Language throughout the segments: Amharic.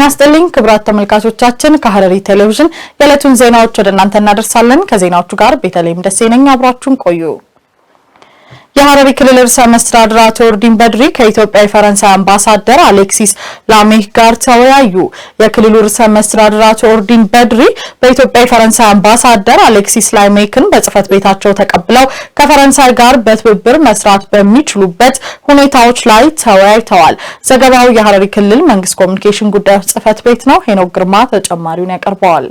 ጤና ስጥልኝ ክብራት ተመልካቾቻችን፣ ከሐረሪ ቴሌቪዥን የዕለቱን ዜናዎች ወደ እናንተ እናደርሳለን። ከዜናዎቹ ጋር ቤተልሔም ደሴ ነኝ። አብራችሁን ቆዩ። የሐረሪ ክልል ርዕሰ መስተዳድር አቶ ኦርዲን በድሪ ከኢትዮጵያ የፈረንሳይ አምባሳደር አሌክሲስ ላሜህ ጋር ተወያዩ። የክልሉ ርዕሰ መስተዳድር አቶ ኦርዲን በድሪ በኢትዮጵያ የፈረንሳይ አምባሳደር አሌክሲስ ላሜክን በጽህፈት ቤታቸው ተቀብለው ከፈረንሳይ ጋር በትብብር መስራት በሚችሉበት ሁኔታዎች ላይ ተወያይተዋል። ዘገባው የሐረሪ ክልል መንግስት ኮሚኒኬሽን ጉዳዮች ጽህፈት ቤት ነው። ሄኖክ ግርማ ተጨማሪውን ያቀርበዋል።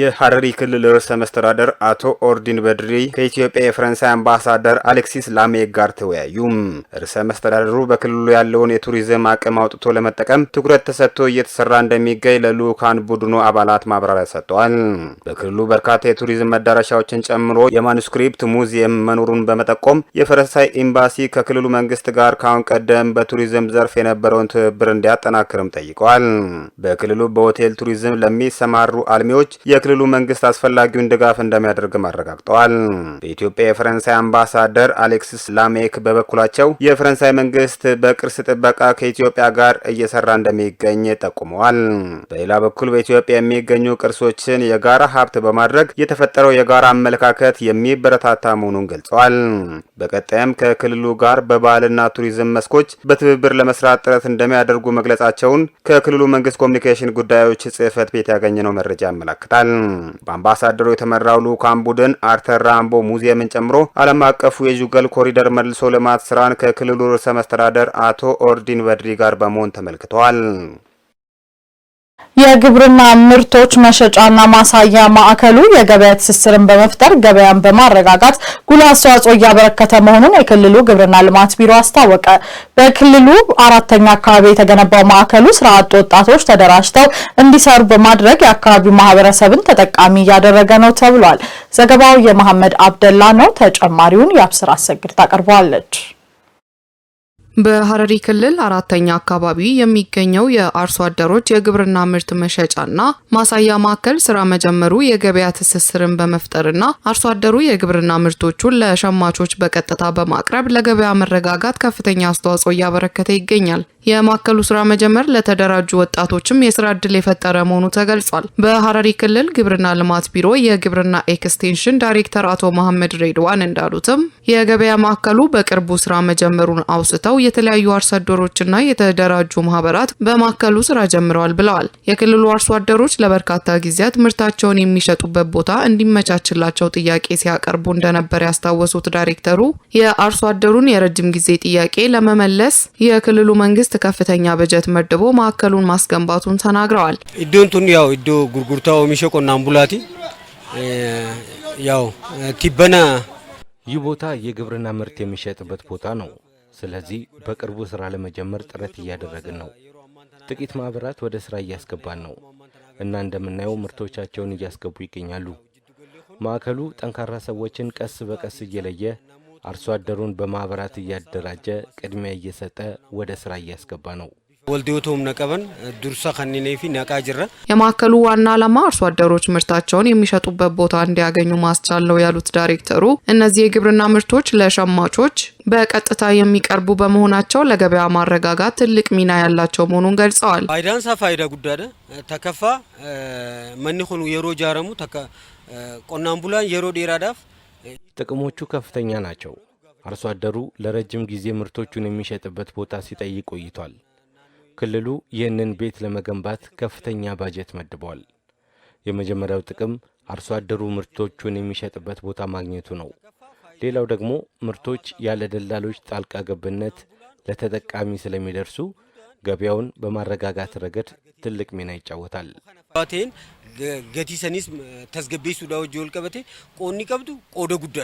የሐረሪ ክልል ርዕሰ መስተዳደር አቶ ኦርዲን በድሪ ከኢትዮጵያ የፈረንሳይ አምባሳደር አሌክሲስ ላሜ ጋር ተወያዩም። ርዕሰ መስተዳደሩ በክልሉ ያለውን የቱሪዝም አቅም አውጥቶ ለመጠቀም ትኩረት ተሰጥቶ እየተሰራ እንደሚገኝ ለልዑካን ቡድኑ አባላት ማብራሪያ ሰጥተዋል። በክልሉ በርካታ የቱሪዝም መዳረሻዎችን ጨምሮ የማኑስክሪፕት ሙዚየም መኖሩን በመጠቆም የፈረንሳይ ኤምባሲ ከክልሉ መንግስት ጋር ካሁን ቀደም በቱሪዝም ዘርፍ የነበረውን ትብብር እንዲያጠናክርም ጠይቀዋል። በክልሉ በሆቴል ቱሪዝም ለሚሰማሩ አልሚዎች ለክልሉ መንግስት አስፈላጊውን ድጋፍ እንደሚያደርግም አረጋግጠዋል። በኢትዮጵያ የፈረንሳይ አምባሳደር አሌክሲስ ላሜክ በበኩላቸው የፈረንሳይ መንግስት በቅርስ ጥበቃ ከኢትዮጵያ ጋር እየሰራ እንደሚገኝ ጠቁመዋል። በሌላ በኩል በኢትዮጵያ የሚገኙ ቅርሶችን የጋራ ሀብት በማድረግ የተፈጠረው የጋራ አመለካከት የሚበረታታ መሆኑን ገልጸዋል። በቀጣይም ከክልሉ ጋር በባህልና ቱሪዝም መስኮች በትብብር ለመስራት ጥረት እንደሚያደርጉ መግለጻቸውን ከክልሉ መንግስት ኮሚኒኬሽን ጉዳዮች ጽህፈት ቤት ያገኘነው መረጃ ያመላክታል። በአምባሳደሩ የተመራው ልዑካን ቡድን አርተር ራምቦ ሙዚየምን ጨምሮ ዓለም አቀፉ የጁገል ኮሪደር መልሶ ልማት ስራን ከክልሉ ርዕሰ መስተዳደር አቶ ኦርዲን በድሪ ጋር በመሆን ተመልክተዋል። የግብርና ምርቶች መሸጫና ማሳያ ማዕከሉ የገበያ ትስስርን በመፍጠር ገበያን በማረጋጋት ጉልህ አስተዋጽኦ እያበረከተ መሆኑን የክልሉ ግብርና ልማት ቢሮ አስታወቀ። በክልሉ አራተኛ አካባቢ የተገነባው ማዕከሉ ስራ አጥ ወጣቶች ተደራጅተው እንዲሰሩ በማድረግ የአካባቢው ማህበረሰብን ተጠቃሚ እያደረገ ነው ተብሏል። ዘገባው የመሐመድ አብደላ ነው። ተጨማሪውን የአብስር አሰግድ ታቀርበዋለች። በሐረሪ ክልል አራተኛ አካባቢ የሚገኘው የአርሶ አደሮች የግብርና ምርት መሸጫና ማሳያ ማዕከል ስራ መጀመሩ የገበያ ትስስርን በመፍጠርና አርሶ አደሩ የግብርና ምርቶቹን ለሸማቾች በቀጥታ በማቅረብ ለገበያ መረጋጋት ከፍተኛ አስተዋጽኦ እያበረከተ ይገኛል። የማዕከሉ ስራ መጀመር ለተደራጁ ወጣቶችም የስራ ዕድል የፈጠረ መሆኑ ተገልጿል። በሐረሪ ክልል ግብርና ልማት ቢሮ የግብርና ኤክስቴንሽን ዳይሬክተር አቶ መሐመድ ሬድዋን እንዳሉትም የገበያ ማዕከሉ በቅርቡ ስራ መጀመሩን አውስተው የተለያዩ አርሶ አደሮችና የተደራጁ ማህበራት በማዕከሉ ስራ ጀምረዋል ብለዋል። የክልሉ አርሶ አደሮች ለበርካታ ጊዜያት ምርታቸውን የሚሸጡበት ቦታ እንዲመቻችላቸው ጥያቄ ሲያቀርቡ እንደነበር ያስታወሱት ዳይሬክተሩ የአርሶ አደሩን የረጅም ጊዜ ጥያቄ ለመመለስ የክልሉ መንግስት ከፍተኛ በጀት መድቦ ማዕከሉን ማስገንባቱን ተናግረዋል። ኢዶንቱን ያው ኢዶ ጉርጉርታው የሚሸቆና አምቡላቲ ያው ቲበና ይህ ቦታ የግብርና ምርት የሚሸጥበት ቦታ ነው። ስለዚህ በቅርቡ ስራ ለመጀመር ጥረት እያደረግን ነው። ጥቂት ማህበራት ወደ ስራ እያስገባን ነው እና እንደምናየው ምርቶቻቸውን እያስገቡ ይገኛሉ። ማዕከሉ ጠንካራ ሰዎችን ቀስ በቀስ እየለየ አርሶ አደሩን በማኅበራት እያደራጀ ቅድሚያ እየሰጠ ወደ ስራ እያስገባ ነው። ነቀበን ዱርሳ የማዕከሉ ዋና ዓላማ አርሶ አደሮች ምርታቸውን የሚሸጡበት ቦታ እንዲያገኙ ማስቻል ነው ያሉት ዳይሬክተሩ፣ እነዚህ የግብርና ምርቶች ለሸማቾች በቀጥታ የሚቀርቡ በመሆናቸው ለገበያ ማረጋጋት ትልቅ ሚና ያላቸው መሆኑን ገልጸዋል። ፋይዳንሳ ፋይዳ ጉዳደ ተከፋ መኒሆኑ ሆኑ የሮ ጃረሙ ቆናን የሮ ዴራዳፍ ጥቅሞቹ ከፍተኛ ናቸው። አርሶ አደሩ ለረጅም ጊዜ ምርቶቹን የሚሸጥበት ቦታ ሲጠይቅ ቆይቷል። ክልሉ ይህንን ቤት ለመገንባት ከፍተኛ ባጀት መድቧል። የመጀመሪያው ጥቅም አርሶ አደሩ ምርቶቹን የሚሸጥበት ቦታ ማግኘቱ ነው። ሌላው ደግሞ ምርቶች ያለ ደላሎች ጣልቃ ገብነት ለተጠቃሚ ስለሚደርሱ ገበያውን በማረጋጋት ረገድ ትልቅ ሚና ይጫወታል። ገቲሰኒስ ተዝገቤሱ ጆል ቀበቴ ቆኒ ቀብዱ ቆደ ጉዳ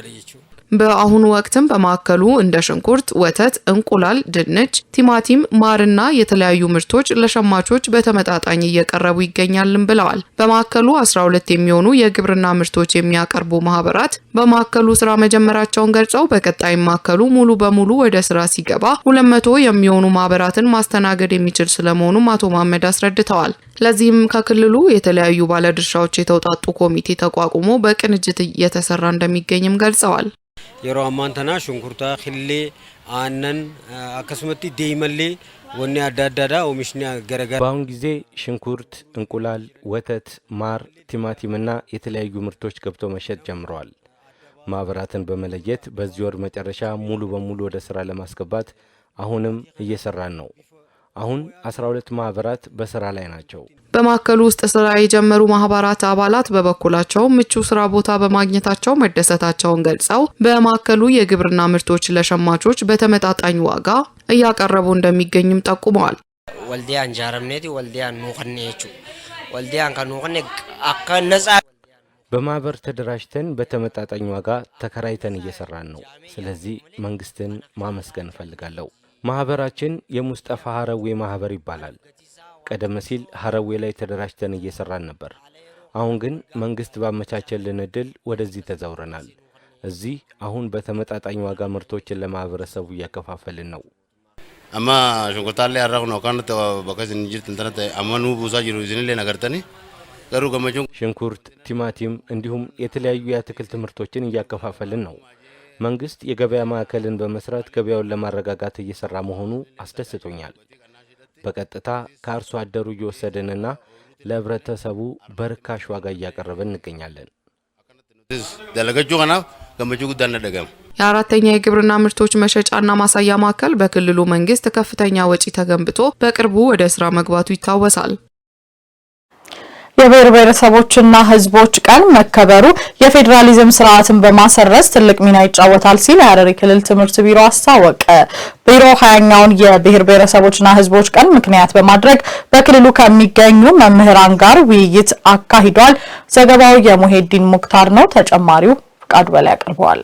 በአሁኑ ወቅትም በማዕከሉ እንደ ሽንኩርት፣ ወተት፣ እንቁላል፣ ድንች፣ ቲማቲም፣ ማርና የተለያዩ ምርቶች ለሸማቾች በተመጣጣኝ እየቀረቡ ይገኛልን ብለዋል። በማዕከሉ 12 የሚሆኑ የግብርና ምርቶች የሚያቀርቡ ማህበራት በማዕከሉ ስራ መጀመራቸውን ገልጸው በቀጣይ ማዕከሉ ሙሉ በሙሉ ወደ ስራ ሲገባ 200 የሚሆኑ ማህበራትን ማስተናገድ ሊወሰድ የሚችል ስለመሆኑም አቶ መሀመድ አስረድተዋል። ለዚህም ከክልሉ የተለያዩ ባለድርሻዎች የተውጣጡ ኮሚቴ ተቋቁሞ በቅንጅት እየተሰራ እንደሚገኝም ገልጸዋል። የሮ አማንተና ሽንኩርታ ክሌ አነን አከስመቲ ደይመሌ ወኔ አዳዳዳ ኦሚሽኒ ገረገር በአሁን ጊዜ ሽንኩርት፣ እንቁላል፣ ወተት፣ ማር፣ ቲማቲምና የተለያዩ ምርቶች ገብቶ መሸጥ ጀምረዋል። ማህበራትን በመለየት በዚህ ወር መጨረሻ ሙሉ በሙሉ ወደ ስራ ለማስገባት አሁንም እየሰራን ነው። አሁን 12 ማህበራት በስራ ላይ ናቸው። በማዕከሉ ውስጥ ስራ የጀመሩ ማህበራት አባላት በበኩላቸው ምቹ ስራ ቦታ በማግኘታቸው መደሰታቸውን ገልጸው በማዕከሉ የግብርና ምርቶች ለሸማቾች በተመጣጣኝ ዋጋ እያቀረቡ እንደሚገኝም ጠቁመዋል። ወልዲያን እንጃረምኔት ወልዲያን ኑቅኔቹ ወልዲያ በማህበር ተደራጅተን በተመጣጣኝ ዋጋ ተከራይተን እየሰራን ነው። ስለዚህ መንግስትን ማመስገን እፈልጋለሁ። ማህበራችን የሙስጠፋ ሀረዌ ማህበር ይባላል። ቀደም ሲል ሀረዌ ላይ ተደራጅተን እየሰራን ነበር። አሁን ግን መንግስት ባመቻቸልን ዕድል ወደዚህ ተዛውረናል። እዚህ አሁን በተመጣጣኝ ዋጋ ምርቶችን ለማህበረሰቡ እያከፋፈልን ነው። አማ ሽንኩርታሌ ነው ካን በከዚ ንጅር ትንተነት አመኑ ቡሳ ጅሩ ዝንሌ ነገርተኒ ሽንኩርት፣ ቲማቲም እንዲሁም የተለያዩ የአትክልት ምርቶችን እያከፋፈልን ነው። መንግስት የገበያ ማዕከልን በመስራት ገበያውን ለማረጋጋት እየሰራ መሆኑ አስደስቶኛል። በቀጥታ ከአርሶ አደሩ እየወሰድንና ለህብረተሰቡ በርካሽ ዋጋ እያቀረብን እንገኛለን። የአራተኛ የግብርና ምርቶች መሸጫና ማሳያ ማዕከል በክልሉ መንግስት ከፍተኛ ወጪ ተገንብቶ በቅርቡ ወደ ስራ መግባቱ ይታወሳል። የብሔር ብሔረሰቦችና ሕዝቦች ቀን መከበሩ የፌዴራሊዝም ስርዓትን በማሰረስ ትልቅ ሚና ይጫወታል ሲል የሐረሪ ክልል ትምህርት ቢሮ አስታወቀ። ቢሮ ሀያኛውን የብሔር ብሔረሰቦችና ሕዝቦች ቀን ምክንያት በማድረግ በክልሉ ከሚገኙ መምህራን ጋር ውይይት አካሂዷል። ዘገባው የሙሄዲን ሙክታር ነው። ተጨማሪው ፍቃዱ በላይ ያቀርበዋል።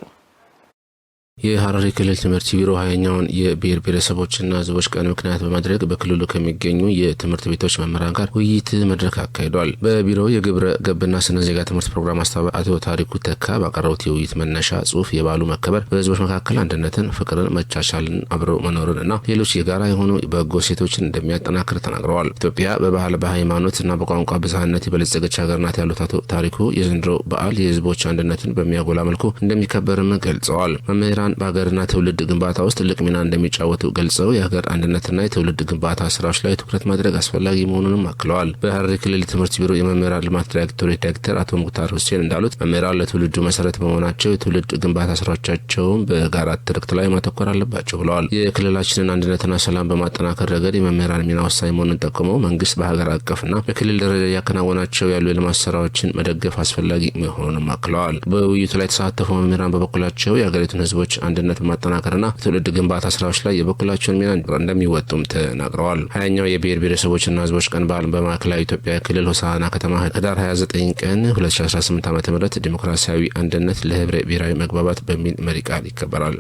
የሐረሪ ክልል ትምህርት ቢሮ ሀያኛውን የብሔር ብሔረሰቦችና ሕዝቦች ቀን ምክንያት በማድረግ በክልሉ ከሚገኙ የትምህርት ቤቶች መምህራን ጋር ውይይት መድረክ አካሂዷል። በቢሮው የግብረ ገብና ስነ ዜጋ ትምህርት ፕሮግራም አስተባባሪ አቶ ታሪኩ ተካ ባቀረቡት የውይይት መነሻ ጽሁፍ የበዓሉ መከበር በሕዝቦች መካከል አንድነትን፣ ፍቅርን፣ መቻቻልን፣ አብረው መኖርን እና ሌሎች የጋራ የሆኑ በጎ ሴቶችን እንደሚያጠናክር ተናግረዋል። ኢትዮጵያ በባህል በሃይማኖት እና በቋንቋ ብዝሃነት የበለጸገች ሀገር ናት ያሉት አቶ ታሪኩ የዘንድሮ በዓል የሕዝቦች አንድነትን በሚያጎላ መልኩ እንደሚከበርም ገልጸዋል። መምህራን መምህራን በሀገርና ትውልድ ግንባታ ውስጥ ትልቅ ሚና እንደሚጫወቱ ገልጸው የሀገር አንድነትና የትውልድ ግንባታ ስራዎች ላይ ትኩረት ማድረግ አስፈላጊ መሆኑንም አክለዋል። በሀረሪ ክልል ትምህርት ቢሮ የመምህራን ልማት ዳይሬክቶሬት ዳይሬክተር አቶ ሙክታር ሁሴን እንዳሉት መምህራን ለትውልዱ መሰረት በመሆናቸው የትውልድ ግንባታ ስራዎቻቸውን በጋራ ትርክት ላይ ማተኮር አለባቸው ብለዋል። የክልላችንን አንድነትና ሰላም በማጠናከር ረገድ የመምህራን ሚና ወሳኝ መሆኑን ጠቁመው መንግስት በሀገር አቀፍና በክልል ደረጃ እያከናወናቸው ያሉ የልማት ስራዎችን መደገፍ አስፈላጊ መሆኑንም አክለዋል። በውይይቱ ላይ የተሳተፉ መምህራን በበኩላቸው የሀገሪቱን ህዝቦች አንድነት በማጠናከርና ትውልድ ግንባታ ስራዎች ላይ የበኩላቸውን ሚና እንደሚወጡም ተናግረዋል። ሀያኛው የብሔር ብሔረሰቦችና ህዝቦች ቀን በዓል በማዕከላዊ ኢትዮጵያ ክልል ሆሳና ከተማ ህዳር 29 ቀን 2018 ዓ ም ዲሞክራሲያዊ አንድነት ለህብረ ብሔራዊ መግባባት በሚል መሪ ቃል ይከበራል።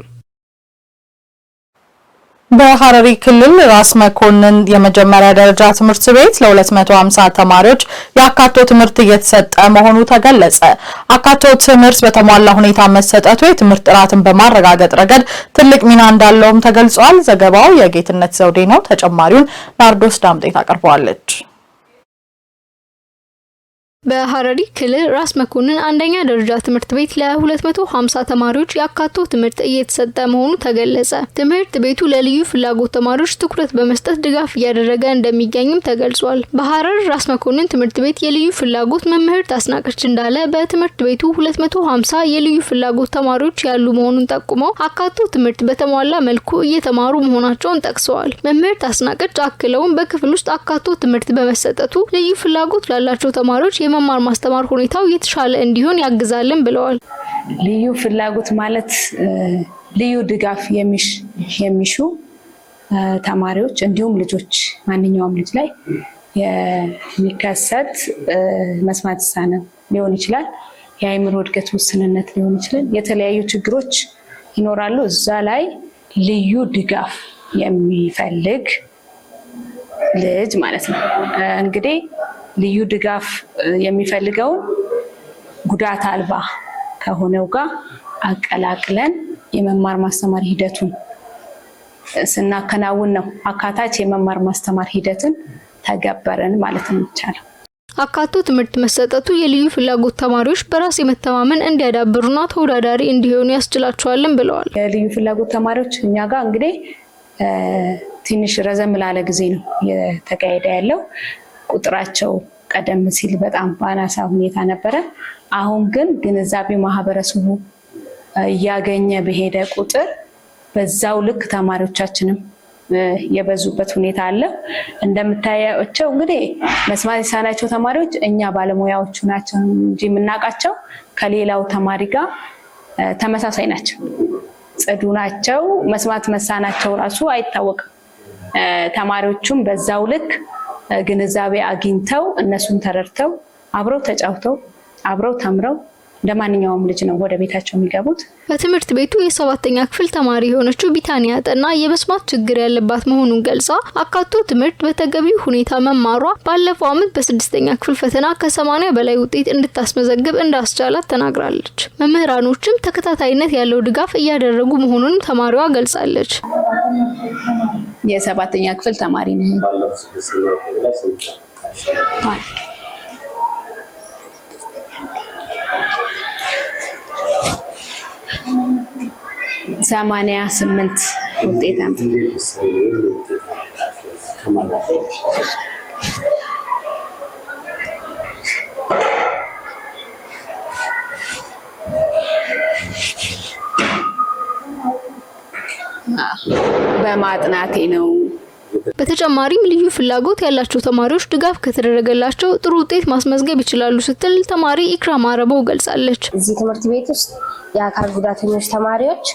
በሐረሪ ክልል ራስ መኮንን የመጀመሪያ ደረጃ ትምህርት ቤት ለ250 ተማሪዎች የአካቶ ትምህርት እየተሰጠ መሆኑ ተገለጸ። አካቶ ትምህርት በተሟላ ሁኔታ መሰጠቱ የትምህርት ጥራትን በማረጋገጥ ረገድ ትልቅ ሚና እንዳለውም ተገልጿል። ዘገባው የጌትነት ዘውዴ ነው። ተጨማሪውን ናርዶስ ዳምጤ አቅርበዋለች። በሀረሪ ክልል ራስ መኮንን አንደኛ ደረጃ ትምህርት ቤት ለ250 ተማሪዎች ያካቶ ትምህርት እየተሰጠ መሆኑ ተገለጸ። ትምህርት ቤቱ ለልዩ ፍላጎት ተማሪዎች ትኩረት በመስጠት ድጋፍ እያደረገ እንደሚገኝም ተገልጿል። በሀረር ራስ መኮንን ትምህርት ቤት የልዩ ፍላጎት መምህር አስናቀች እንዳለ በትምህርት ቤቱ 250 የልዩ ፍላጎት ተማሪዎች ያሉ መሆኑን ጠቁመው አካቶ ትምህርት በተሟላ መልኩ እየተማሩ መሆናቸውን ጠቅሰዋል። መምህር አስናቀች አክለውም በክፍል ውስጥ አካቶ ትምህርት በመሰጠቱ ልዩ ፍላጎት ላላቸው ተማሪዎች የመማር ማስተማር ሁኔታው የተሻለ እንዲሆን ያግዛልን ብለዋል። ልዩ ፍላጎት ማለት ልዩ ድጋፍ የሚሹ ተማሪዎች እንዲሁም ልጆች ማንኛውም ልጅ ላይ የሚከሰት መስማት ተሳነ ሊሆን ይችላል፣ የአእምሮ እድገት ውስንነት ሊሆን ይችላል፣ የተለያዩ ችግሮች ይኖራሉ። እዛ ላይ ልዩ ድጋፍ የሚፈልግ ልጅ ማለት ነው እንግዲህ ልዩ ድጋፍ የሚፈልገውን ጉዳት አልባ ከሆነው ጋር አቀላቅለን የመማር ማስተማር ሂደቱን ስናከናውን ነው አካታች የመማር ማስተማር ሂደትን ተገበረን ማለት ነው ይቻላል። አካቶ ትምህርት መሰጠቱ የልዩ ፍላጎት ተማሪዎች በራስ የመተማመን እንዲያዳብሩና ተወዳዳሪ እንዲሆኑ ያስችላቸዋልን ብለዋል። የልዩ ፍላጎት ተማሪዎች እኛ ጋር እንግዲህ ትንሽ ረዘም ላለ ጊዜ ነው እየተካሄደ ያለው። ቁጥራቸው ቀደም ሲል በጣም በአናሳ ሁኔታ ነበረ። አሁን ግን ግንዛቤ ማህበረሰቡ እያገኘ በሄደ ቁጥር በዛው ልክ ተማሪዎቻችንም የበዙበት ሁኔታ አለ። እንደምታያቸው እንግዲህ መስማት የሳናቸው ተማሪዎች እኛ ባለሙያዎቹ ናቸው እንጂ የምናውቃቸው ከሌላው ተማሪ ጋር ተመሳሳይ ናቸው፣ ጽዱ ናቸው። መስማት መሳናቸው ራሱ አይታወቅም። ተማሪዎቹም በዛው ልክ ግንዛቤ አግኝተው እነሱን ተረድተው አብረው ተጫውተው አብረው ተምረው እንደ ማንኛውም ልጅ ነው ወደ ቤታቸው የሚገቡት። በትምህርት ቤቱ የሰባተኛ ክፍል ተማሪ የሆነችው ቢታንያ ጠና የመስማት ችግር ያለባት መሆኑን ገልጻ አካቶ ትምህርት በተገቢው ሁኔታ መማሯ ባለፈው ዓመት በስድስተኛ ክፍል ፈተና ከሰማኒያ በላይ ውጤት እንድታስመዘግብ እንዳስቻላት ተናግራለች። መምህራኖችም ተከታታይነት ያለው ድጋፍ እያደረጉ መሆኑንም ተማሪዋ ገልጻለች። የሰባተኛ ክፍል ተማሪ ነኝ። ሰማንያ ስምንት ውጤት ነው። በማጥናቴ ነው። በተጨማሪም ልዩ ፍላጎት ያላቸው ተማሪዎች ድጋፍ ከተደረገላቸው ጥሩ ውጤት ማስመዝገብ ይችላሉ ስትል ተማሪ ኢክራም አረበው ገልጻለች። እዚህ ትምህርት ቤት ውስጥ የአካል ጉዳተኞች ተማሪዎች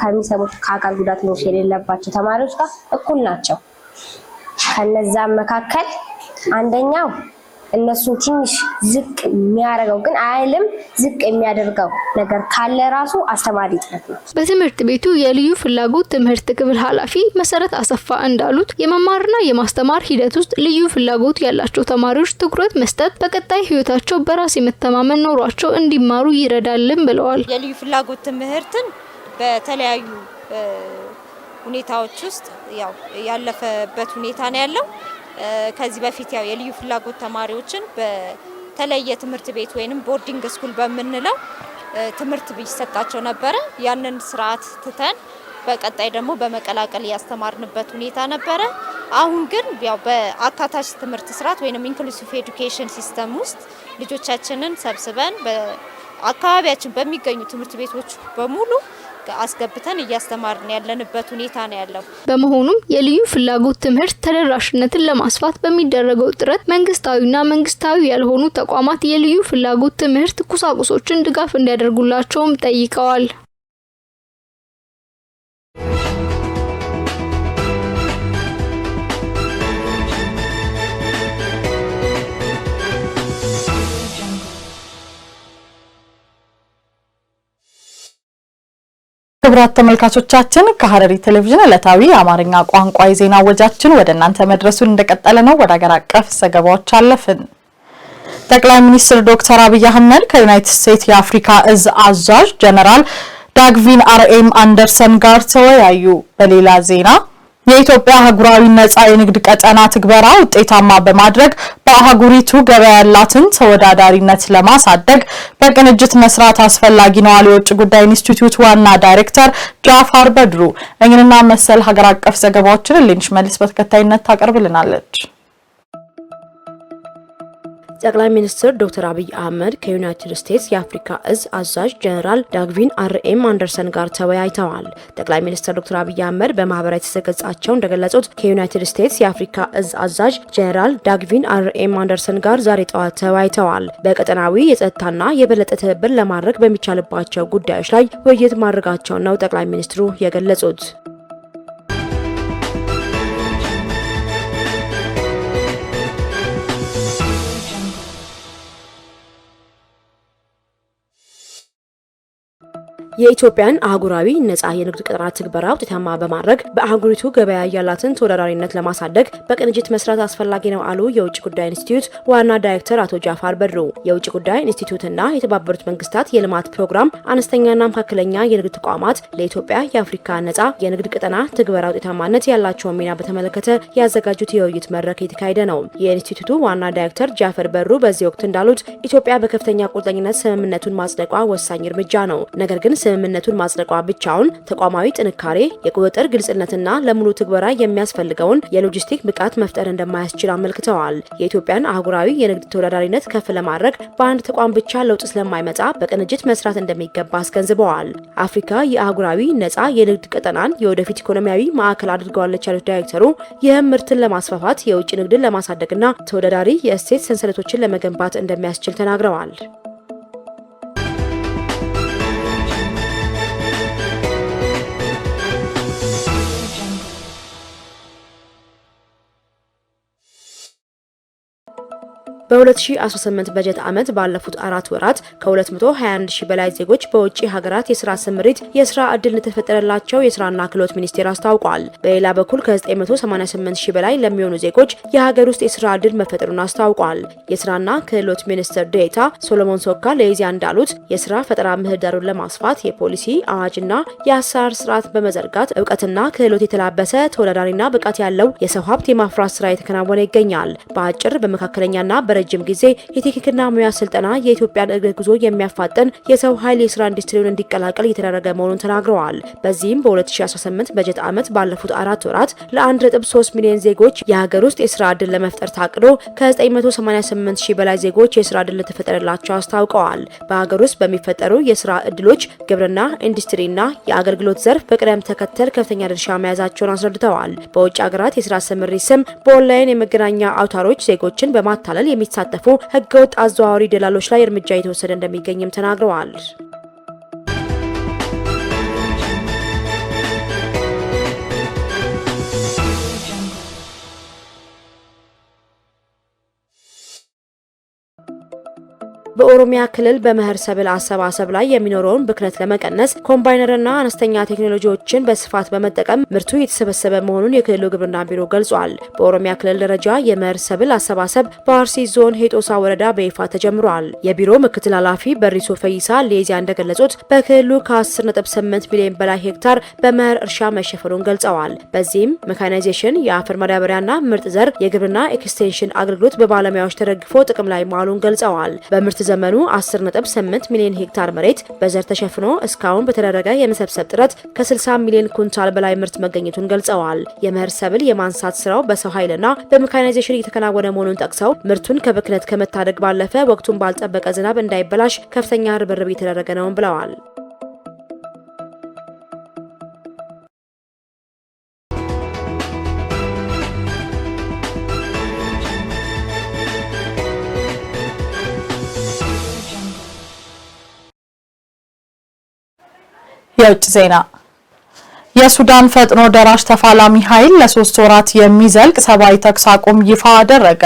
ከሚሰሙት ከአካል ጉዳተኞች የሌለባቸው ተማሪዎች ጋር እኩል ናቸው። ከነዛም መካከል አንደኛው እነሱን ትንሽ ዝቅ የሚያደርገው ግን አይልም ዝቅ የሚያደርገው ነገር ካለ ራሱ አስተማሪ ጥረት ነው። በትምህርት ቤቱ የልዩ ፍላጎት ትምህርት ክፍል ኃላፊ መሰረት አሰፋ እንዳሉት የመማርና የማስተማር ሂደት ውስጥ ልዩ ፍላጎት ያላቸው ተማሪዎች ትኩረት መስጠት በቀጣይ ህይወታቸው በራስ የመተማመን ኖሯቸው እንዲማሩ ይረዳልን ብለዋል። የልዩ ፍላጎት ትምህርትን በተለያዩ ሁኔታዎች ውስጥ ያው ያለፈበት ሁኔታ ነው ያለው ከዚህ በፊት ያው የልዩ ፍላጎት ተማሪዎችን በተለየ ትምህርት ቤት ወይንም ቦርዲንግ ስኩል በምንለው ትምህርት ይሰጣቸው ነበረ። ያንን ስርዓት ትተን በቀጣይ ደግሞ በመቀላቀል ያስተማርንበት ሁኔታ ነበረ። አሁን ግን ያው በአካታች ትምህርት ስርዓት ወይንም ኢንክሉሲቭ ኤዱኬሽን ሲስተም ውስጥ ልጆቻችንን ሰብስበን በአካባቢያችን በሚገኙ ትምህርት ቤቶች በሙሉ አስገብተን እያስተማርን ያለንበት ሁኔታ ነው ያለው። በመሆኑም የልዩ ፍላጎት ትምህርት ተደራሽነትን ለማስፋት በሚደረገው ጥረት መንግስታዊና መንግስታዊ ያልሆኑ ተቋማት የልዩ ፍላጎት ትምህርት ቁሳቁሶችን ድጋፍ እንዲያደርጉላቸውም ጠይቀዋል። ክብራት ተመልካቾቻችን ከሐረሪ ቴሌቪዥን ዕለታዊ የአማርኛ ቋንቋ የዜና ወጃችን ወደ እናንተ መድረሱን እንደቀጠለ ነው። ወደ አገር አቀፍ ዘገባዎች አለፍን። ጠቅላይ ሚኒስትር ዶክተር አብይ አህመድ ከዩናይትድ ስቴትስ የአፍሪካ እዝ አዛዥ ጀነራል ዳግቪን አርኤም አንደርሰን ጋር ተወያዩ። በሌላ ዜና የኢትዮጵያ አህጉራዊ ነጻ የንግድ ቀጠና ትግበራ ውጤታማ በማድረግ በአህጉሪቱ ገበያ ያላትን ተወዳዳሪነት ለማሳደግ በቅንጅት መስራት አስፈላጊ ነው አሉ የውጭ ጉዳይ ኢንስቲትዩት ዋና ዳይሬክተር ጃፋር በድሩ። እኝንና መሰል ሀገር አቀፍ ዘገባዎችን ሌንሽ መልስ በተከታይነት ታቀርብልናለች። ጠቅላይ ሚኒስትር ዶክተር አብይ አህመድ ከዩናይትድ ስቴትስ የአፍሪካ እዝ አዛዥ ጀኔራል ዳግቪን አርኤም አንደርሰን ጋር ተወያይተዋል። ጠቅላይ ሚኒስትር ዶክተር አብይ አህመድ በማህበራዊ ትስስራቸው እንደገለጹት ከዩናይትድ ስቴትስ የአፍሪካ እዝ አዛዥ ጀኔራል ዳግቪን አርኤም አንደርሰን ጋር ዛሬ ጠዋት ተወያይተዋል። በቀጠናዊ የጸጥታና የበለጠ ትብብር ለማድረግ በሚቻልባቸው ጉዳዮች ላይ ውይይት ማድረጋቸውን ነው ጠቅላይ ሚኒስትሩ የገለጹት። የኢትዮጵያን አህጉራዊ ነጻ የንግድ ቀጠና ትግበራ ውጤታማ በማድረግ በአህጉሪቱ ገበያ ያላትን ተወዳዳሪነት ለማሳደግ በቅንጅት መስራት አስፈላጊ ነው አሉ የውጭ ጉዳይ ኢንስቲትዩት ዋና ዳይሬክተር አቶ ጃፋር በድሩ። የውጭ ጉዳይ ኢንስቲትዩትና የተባበሩት መንግስታት የልማት ፕሮግራም አነስተኛና መካከለኛ የንግድ ተቋማት ለኢትዮጵያ የአፍሪካ ነጻ የንግድ ቀጠና ትግበራ ውጤታማነት ያላቸውን ሚና በተመለከተ ያዘጋጁት የውይይት መድረክ የተካሄደ ነው። የኢንስቲትዩቱ ዋና ዳይሬክተር ጃፈር በሩ በዚህ ወቅት እንዳሉት ኢትዮጵያ በከፍተኛ ቁርጠኝነት ስምምነቱን ማጽደቋ ወሳኝ እርምጃ ነው። ነገር ግን ስምምነቱን ማጽደቋ ብቻውን ተቋማዊ ጥንካሬ፣ የቁጥጥር ግልጽነትና ለሙሉ ትግበራ የሚያስፈልገውን የሎጂስቲክ ብቃት መፍጠር እንደማያስችል አመልክተዋል። የኢትዮጵያን አህጉራዊ የንግድ ተወዳዳሪነት ከፍ ለማድረግ በአንድ ተቋም ብቻ ለውጥ ስለማይመጣ በቅንጅት መስራት እንደሚገባ አስገንዝበዋል። አፍሪካ የአህጉራዊ ነጻ የንግድ ቀጠናን የወደፊት ኢኮኖሚያዊ ማዕከል አድርገዋለች ያሉት ዳይሬክተሩ ይህም ምርትን ለማስፋፋት የውጭ ንግድን ለማሳደግና ተወዳዳሪ የእሴት ሰንሰለቶችን ለመገንባት እንደሚያስችል ተናግረዋል። በ2018 በጀት ዓመት ባለፉት አራት ወራት ከ221 ሺ በላይ ዜጎች በውጭ ሀገራት የስራ ስምሪት የስራ እድል እንደተፈጠረላቸው የስራና ክህሎት ሚኒስቴር አስታውቋል። በሌላ በኩል ከ988 ሺ በላይ ለሚሆኑ ዜጎች የሀገር ውስጥ የስራ እድል መፈጠሩን አስታውቋል። የስራና ክህሎት ሚኒስትር ዴኤታ ሶሎሞን ሶካ ለኢዜአ እንዳሉት የስራ ፈጠራ ምህዳሩን ለማስፋት የፖሊሲ አዋጅና የአሰራር ስርዓት በመዘርጋት እውቀትና ክህሎት የተላበሰ ተወዳዳሪና ብቃት ያለው የሰው ሀብት የማፍራት ስራ የተከናወነ ይገኛል። በአጭር በመካከለኛና በ በረጅም ጊዜ የቴክኒክና ሙያ ስልጠና የኢትዮጵያን እግር ጉዞ የሚያፋጥን የሰው ኃይል የስራ ኢንዱስትሪውን እንዲቀላቀል እየተደረገ መሆኑን ተናግረዋል። በዚህም በ2018 በጀት ዓመት ባለፉት አራት ወራት ለ1.3 ሚሊዮን ዜጎች የሀገር ውስጥ የስራ ዕድል ለመፍጠር ታቅዶ ከ988 ሺህ በላይ ዜጎች የስራ ዕድል ለተፈጠረላቸው አስታውቀዋል። በሀገር ውስጥ በሚፈጠሩ የስራ ዕድሎች ግብርና፣ ኢንዱስትሪና የአገልግሎት ዘርፍ በቅደም ተከተል ከፍተኛ ድርሻ መያዛቸውን አስረድተዋል። በውጭ ሀገራት የስራ ስምሪ ስም በኦንላይን የመገናኛ አውታሮች ዜጎችን በማታለል የሚ በሚሳተፉ ህገወጥ አዘዋዋሪ ደላሎች ላይ እርምጃ እየተወሰደ እንደሚገኝም ተናግረዋል። በኦሮሚያ ክልል በመኸር ሰብል አሰባሰብ ላይ የሚኖረውን ብክነት ለመቀነስ ኮምባይነርና አነስተኛ ቴክኖሎጂዎችን በስፋት በመጠቀም ምርቱ የተሰበሰበ መሆኑን የክልሉ ግብርና ቢሮ ገልጿል። በኦሮሚያ ክልል ደረጃ የመኸር ሰብል አሰባሰብ በአርሲ ዞን ሄጦሳ ወረዳ በይፋ ተጀምሯል። የቢሮ ምክትል ኃላፊ በሪሶ ፈይሳ ሌዚያ እንደገለጹት በክልሉ ከ10.8 ሚሊዮን በላይ ሄክታር በመኸር እርሻ መሸፈኑን ገልጸዋል። በዚህም ሜካናይዜሽን፣ የአፈር ማዳበሪያና ምርጥ ዘር፣ የግብርና ኤክስቴንሽን አገልግሎት በባለሙያዎች ተደግፎ ጥቅም ላይ መዋሉን ገልጸዋል። በምርት ዘመኑ 10.8 ሚሊዮን ሄክታር መሬት በዘር ተሸፍኖ እስካሁን በተደረገ የመሰብሰብ ጥረት ከ60 ሚሊዮን ኩንታል በላይ ምርት መገኘቱን ገልጸዋል። የመኸር ሰብል የማንሳት ስራው በሰው ኃይልና በሜካናይዜሽን እየተከናወነ መሆኑን ጠቅሰው ምርቱን ከብክነት ከመታደግ ባለፈ ወቅቱን ባልጠበቀ ዝናብ እንዳይበላሽ ከፍተኛ ርብርብ እየተደረገ ነውም ብለዋል። Yo, Zena. የሱዳን ፈጥኖ ደራሽ ተፋላሚ ኃይል ለሶስት ወራት የሚዘልቅ ሰብአዊ ተኩስ አቁም ይፋ አደረገ።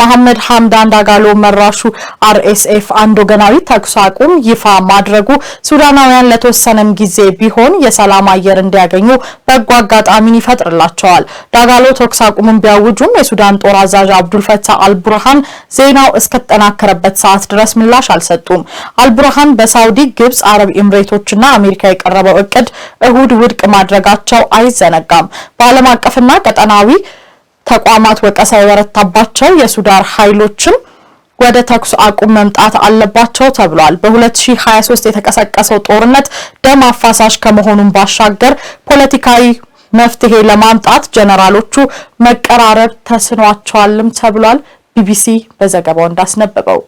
መሐመድ ሐምዳን ዳጋሎ መራሹ አርኤስኤፍ አንድ ወገናዊ ተኩስ አቁም ይፋ ማድረጉ ሱዳናውያን ለተወሰነም ጊዜ ቢሆን የሰላም አየር እንዲያገኙ በጎ አጋጣሚን ይፈጥርላቸዋል። ዳጋሎ ተኩስ አቁምን ቢያውጁም የሱዳን ጦር አዛዥ አብዱልፈታህ አልቡርሃን ዜናው እስከተጠናከረበት ሰዓት ድረስ ምላሽ አልሰጡም። አልቡርሃን በሳውዲ፣ ግብጽ፣ አረብ ኤምሬቶችና አሜሪካ የቀረበው እቅድ እሁድ ውድቅ ማድረግ ማድረጋቸው አይዘነጋም። በዓለም አቀፍና ቀጠናዊ ተቋማት ወቀሳ የበረታባቸው የሱዳን ኃይሎችም ወደ ተኩስ አቁም መምጣት አለባቸው ተብሏል። በ2023 የተቀሰቀሰው ጦርነት ደም አፋሳሽ ከመሆኑን ባሻገር ፖለቲካዊ መፍትሄ ለማምጣት ጀነራሎቹ መቀራረብ ተስኗቸዋልም ተብሏል። ቢቢሲ በዘገባው እንዳስነበበው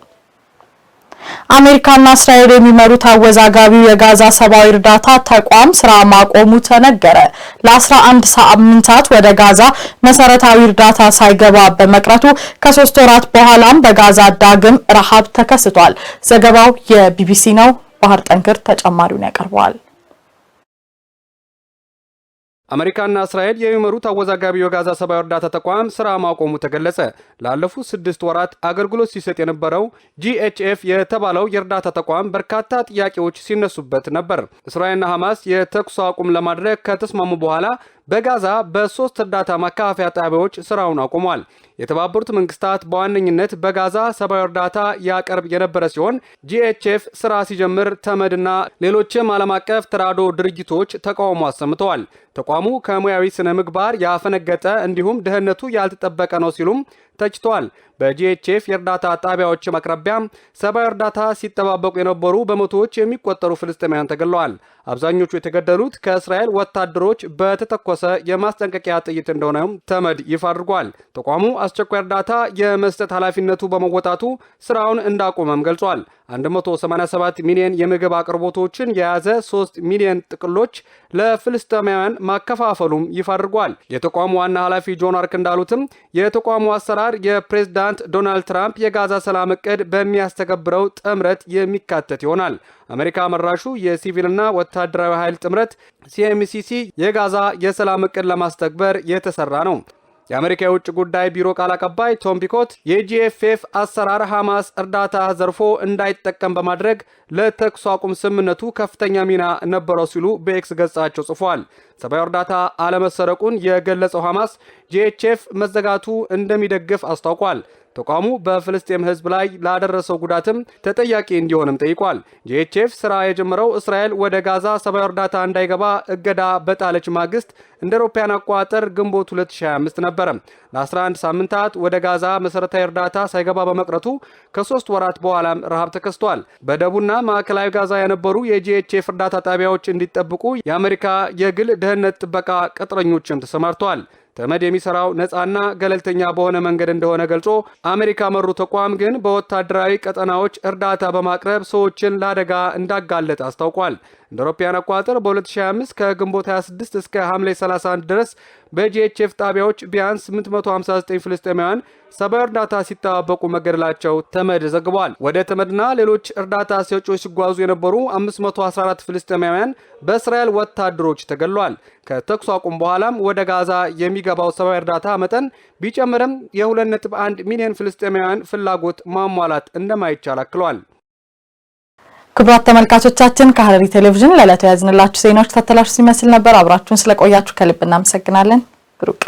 አሜሪካና እስራኤል የሚመሩት አወዛጋቢው የጋዛ ሰብአዊ እርዳታ ተቋም ስራ ማቆሙ ተነገረ። ለ11 ሳምንታት ወደ ጋዛ መሰረታዊ እርዳታ ሳይገባ በመቅረቱ ከሶስት ወራት በኋላም በጋዛ ዳግም ረሃብ ተከስቷል። ዘገባው የቢቢሲ ነው። ባህር ጠንክር ተጨማሪውን ያቀርበዋል። አሜሪካና እስራኤል የሚመሩት አወዛጋቢ የጋዛ ሰብአዊ እርዳታ ተቋም ስራ ማቆሙ ተገለጸ። ላለፉት ስድስት ወራት አገልግሎት ሲሰጥ የነበረው ጂኤችኤፍ የተባለው የእርዳታ ተቋም በርካታ ጥያቄዎች ሲነሱበት ነበር። እስራኤልና ሐማስ የተኩስ አቁም ለማድረግ ከተስማሙ በኋላ በጋዛ በሶስት እርዳታ ማከፋፈያ ጣቢያዎች ስራውን አቁሟል። የተባበሩት መንግስታት በዋነኝነት በጋዛ ሰብአዊ እርዳታ ያቀርብ የነበረ ሲሆን ጂኤችኤፍ ስራ ሲጀምር ተመድና ሌሎችም ዓለም አቀፍ ተራድኦ ድርጅቶች ተቃውሞ አሰምተዋል። ተቋሙ ከሙያዊ ስነ ምግባር ያፈነገጠ እንዲሁም ደህንነቱ ያልተጠበቀ ነው ሲሉም ተችቷል። በጂኤችኤፍ የእርዳታ ጣቢያዎች አቅራቢያም ሰብአዊ እርዳታ ሲጠባበቁ የነበሩ በመቶዎች የሚቆጠሩ ፍልስጤማውያን ተገለዋል። አብዛኞቹ የተገደሉት ከእስራኤል ወታደሮች በተተኮሰ የማስጠንቀቂያ ጥይት እንደሆነም ተመድ ይፋ አድርጓል። ተቋሙ አስቸኳይ እርዳታ የመስጠት ኃላፊነቱ በመወጣቱ ስራውን እንዳቆመም ገልጿል። 187 ሚሊዮን የምግብ አቅርቦቶችን የያዘ 3 ሚሊዮን ጥቅሎች ለፍልስጤማውያን ማከፋፈሉም ይፋ አድርጓል። የተቋሙ ዋና ኃላፊ ጆን አርክ እንዳሉትም የተቋሙ አሰራር የፕሬዝዳንት ዶናልድ ትራምፕ የጋዛ ሰላም እቅድ በሚያስተገብረው ጥምረት የሚካተት ይሆናል። አሜሪካ መራሹ የሲቪልና ወታደራዊ ኃይል ጥምረት ሲኤምሲሲ የጋዛ የሰላም እቅድ ለማስተግበር የተሰራ ነው። የአሜሪካ የውጭ ጉዳይ ቢሮ ቃል አቀባይ ቶም ፒኮት የጂኤፍኤፍ አሰራር ሐማስ እርዳታ ዘርፎ እንዳይጠቀም በማድረግ ለተኩስ አቁም ስምምነቱ ከፍተኛ ሚና ነበረው ሲሉ በኤክስ ገጻቸው ጽፏል። ሰብአዊ እርዳታ አለመሰረቁን የገለጸው ሐማስ ጂኤችኤፍ መዘጋቱ እንደሚደግፍ አስታውቋል። ተቋሙ በፍልስጤም ህዝብ ላይ ላደረሰው ጉዳትም ተጠያቂ እንዲሆንም ጠይቋል። ጂኤችኤፍ ስራ የጀመረው እስራኤል ወደ ጋዛ ሰብአዊ እርዳታ እንዳይገባ እገዳ በጣለች ማግስት እንደ አውሮፓውያን አቆጣጠር ግንቦት 2025 ነበረ። ለ11 ሳምንታት ወደ ጋዛ መሠረታዊ እርዳታ ሳይገባ በመቅረቱ ከሶስት ወራት በኋላም ረሃብ ተከስቷል። በደቡብና ማዕከላዊ ጋዛ የነበሩ የጂኤችኤፍ እርዳታ ጣቢያዎች እንዲጠብቁ የአሜሪካ የግል ደህንነት ጥበቃ ቅጥረኞችም ተሰማርተዋል። ተመድ የሚሰራው ነፃና ገለልተኛ በሆነ መንገድ እንደሆነ ገልጾ አሜሪካ መሩ ተቋም ግን በወታደራዊ ቀጠናዎች እርዳታ በማቅረብ ሰዎችን ለአደጋ እንዳጋለጠ አስታውቋል። እንደ አውሮፓውያን አቆጣጠር በ2025 ከግንቦት 26 እስከ ሐምሌ 31 ድረስ በጂኤችኤፍ ጣቢያዎች ቢያንስ 859 ፍልስጤማውያን ሰብአዊ እርዳታ ሲጠባበቁ መገደላቸው ተመድ ዘግቧል። ወደ ተመድና ሌሎች እርዳታ ሰጪዎች ሲጓዙ የነበሩ 514 ፍልስጤማውያን በእስራኤል ወታደሮች ተገድሏል። ከተኩስ አቁም በኋላም ወደ ጋዛ የሚገባው ሰብአዊ እርዳታ መጠን ቢጨምርም የ2.1 ሚሊዮን ፍልስጤማውያን ፍላጎት ማሟላት እንደማይቻል አክሏል። ክቡራት ተመልካቾቻችን ከሐረሪ ቴሌቪዥን ለዕለቱ ያዝንላችሁ ዜናዎች ተተላሽ ሲመስል ነበር። አብራችሁን ስለቆያችሁ ከልብ እናመሰግናለን። ብሩቅ